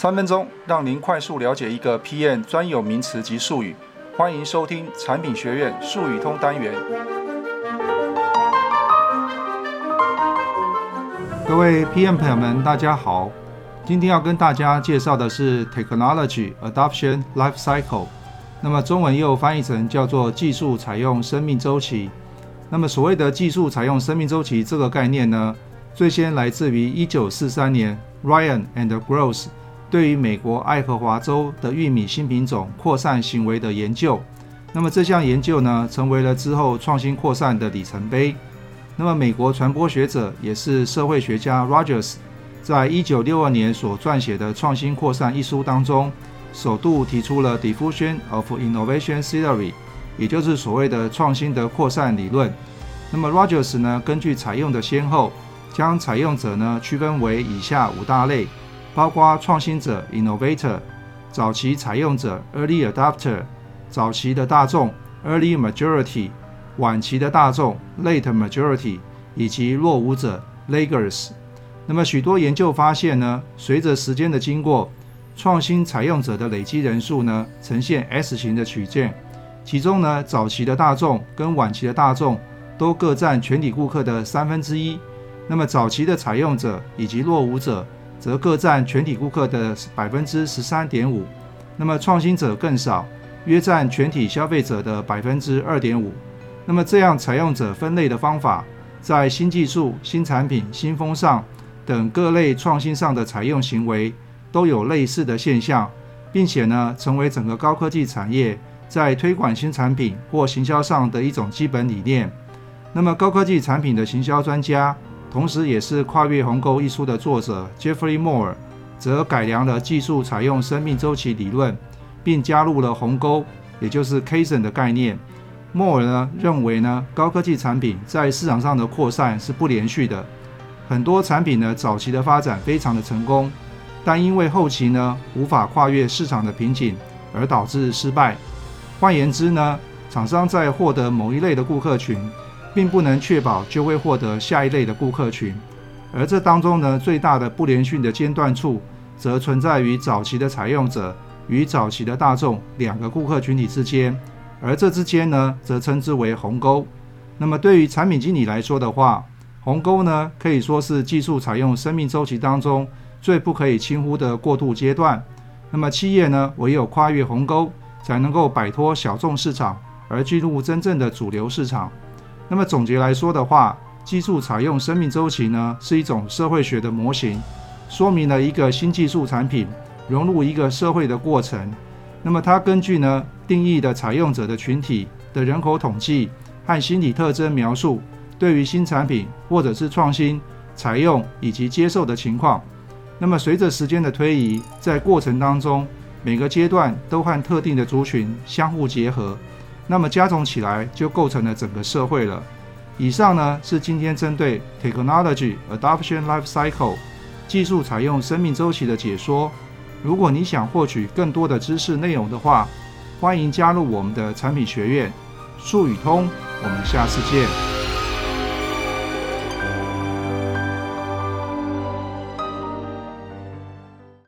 三分鐘讓您快速了解一個 PM 專有名詞及術語。歡迎收聽產品學院術語通單元。各位 PM 朋友們，大家好。今天要跟大家介紹的是 Technology Adoption Life Cycle，那麼中文又翻譯成叫做技術採用生命周期。那麼所謂的技術採用生命周期這個概念呢，最先來自於一九四三年 Ryan and Gross。對於美國愛荷華州的玉米新品種擴散行為的研究，那麼這項研究呢，成為了之後創新擴散的里程碑。那麼，美國傳播學者也是社會學家 Rogers 在一九六二年所撰寫的《創新擴散》一書當中，首度提出了 Diffusion of Innovation Theory，也就是所謂的創新的擴散理論。那麼，Rogers 呢，根據採用的先後，將採用者呢區分為以下五大類。包括創新者 （innovator）、早期採用者 （early a d a p t e r 早期的大眾 （early majority）、晚期的大眾 （late majority） 以及落伍者 （laggers）。那麼許多研究發現呢，隨着時間的經過，創新採用者的累積人數呢，呈現 S 型的曲線。其中呢，早期的大眾跟晚期的大眾都各占全體顧客的三分之一。那麼早期的採用者以及落伍者。則各占全體顧客的百分之十三點五，那麼創新者更少，約占全體消費者的百分之二點五。那麼這樣採用者分類的方法，在新技術、新產品、新風尚等各類創新上的採用行為都有類似的現象，並且呢，成為整個高科技產業在推廣新產品或行銷上的一種基本理念。那麼高科技產品的行銷專家。同時，也是《跨越鴻溝》一書的作者傑弗里·莫爾，則改良了技術採用生命周期理論，並加入了鴻溝，也就是 Chasm 的概念。莫爾呢認為呢，高科技產品在市場上的擴散是不連續的。很多產品呢，早期的發展非常的成功，但因為後期呢無法跨越市場的瓶頸，而導致失敗。換言之呢，廠商在獲得某一類的顧客群。並不能確保就會獲得下一類的顧客群，而這當中呢，最大的不連續的間斷處，則存在於早期的採用者與早期的大眾兩個顧客群體之間，而這之間呢，則稱之為鴻溝。那麼對於產品經理來說的話，鴻溝呢，可以說是技術採用生命週期當中最不可以輕忽的過渡階段。那麼企業呢，唯有跨越鴻溝，才能夠擺脫小眾市場，而進入真正的主流市場。那麼總結來說的話，技術採用生命週期呢，是一種社會學的模型，說明了一個新技術產品融入一個社會的過程。那麼它根據呢，定義的採用者的群體的人口統計和心理特徵描述，對於新產品或者是創新採用以及接受的情況。那麼隨着時間的推移，在過程當中每個階段都和特定的族群相互結合。那麼加總起來就構成了整個社會了。以上呢，是今天針對 Technology Adoption Life Cycle 技術採用生命週期的解說。如果你想獲取更多的知識內容的話，歡迎加入我們的產品學院術語通。我們下次見。